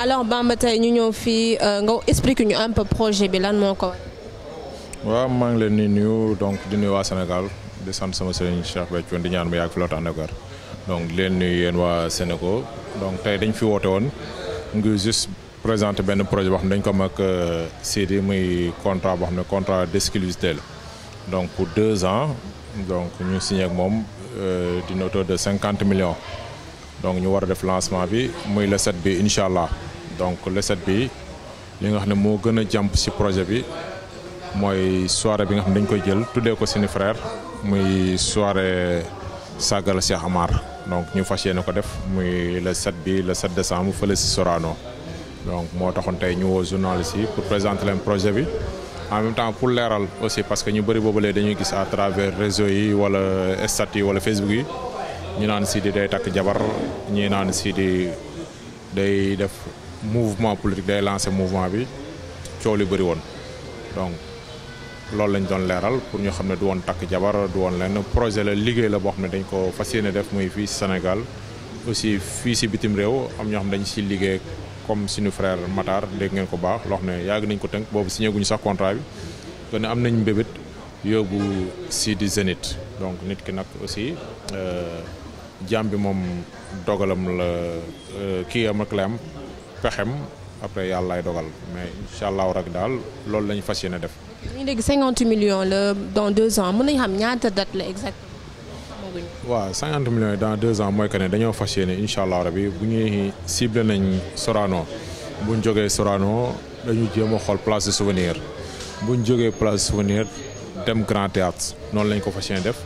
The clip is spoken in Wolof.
alors Bamba tey ñu ñëw fii euh, nga explique ñu un peu projet bi lan moo ko war. waaw maa ngi leen di nuyu donc di nuy waa Sénégal di sant sama sëriñ Cheikh Béthio di ñaan mu yàgg fi la tànn donc leen nuyu yéen waa Sénégal donc tey dañ fi woote woon ngir juste. présenté benn projet boo xam ne dañ ko mag euh, Sidi muy contrat boo xam ne contrat d'exclusivité la donc pour deux ans donc ñu signé moom euh, d'une hauteur de cinquante millions donc ñu war a def lancement bi muy le set bi incha allah donc le set bi li nga xam ne moo gën a jàmp ci projet bi mooy soirée bi nga xam ne dañ koy jël tuddee ko seeni frère muy soirée sàggal Cheikh Amar donc ñu fas yéene ko def muy le set bi le 7 décembre fële ci Sorano donc moo taxoon tey ñu woo journaliste yi pour présenter leen projet bi en même temps pour leeral aussi parce que ñu bëri boobalee dañuy gis à travers réseau yi wala stat yi wala Facebook yi ñu naan Sidy day takk jabar ñi naan Sidy day def mouvement politique day lancer mouvement bi coow li bëri woon donc loolu lañ doon leeral pour ñu xam ne du woon takk jabar du woon lenn projet la liggéey la boo xam ne dañ ko fas yéene def muy fii Sénégal aussi fii si bitim réew am ñoo xam ne dañ liggéey comme suñu frère Matar dégg ngeen ko baax loo xam ne yàgg nañ ko tënk boobu signé guñu sax contrat bi kon am nañ mbébét yóbbu si di Zénith donc nit ki nag aussi euh, jaam bi moom dogalam la euh, kii am ak la am pexem après yàlla lay dogal mais incha allahu rek daal loolu la ñu fas yéene def. ñu dégg 50 millions la dans deux ans mën nañu xam ñaata date la exact xamaguñu. waaw 50 millions yi dans deux ans mooy que ne dañoo fas yéene incha allah rabi bu ñuy ciblé nañ Sorano bu ñu jógee Sorano dañu jéem a xool place de souvenir bu ñu jógee place de souvenir dem Grand Théâtre noonu lañ ko fas def.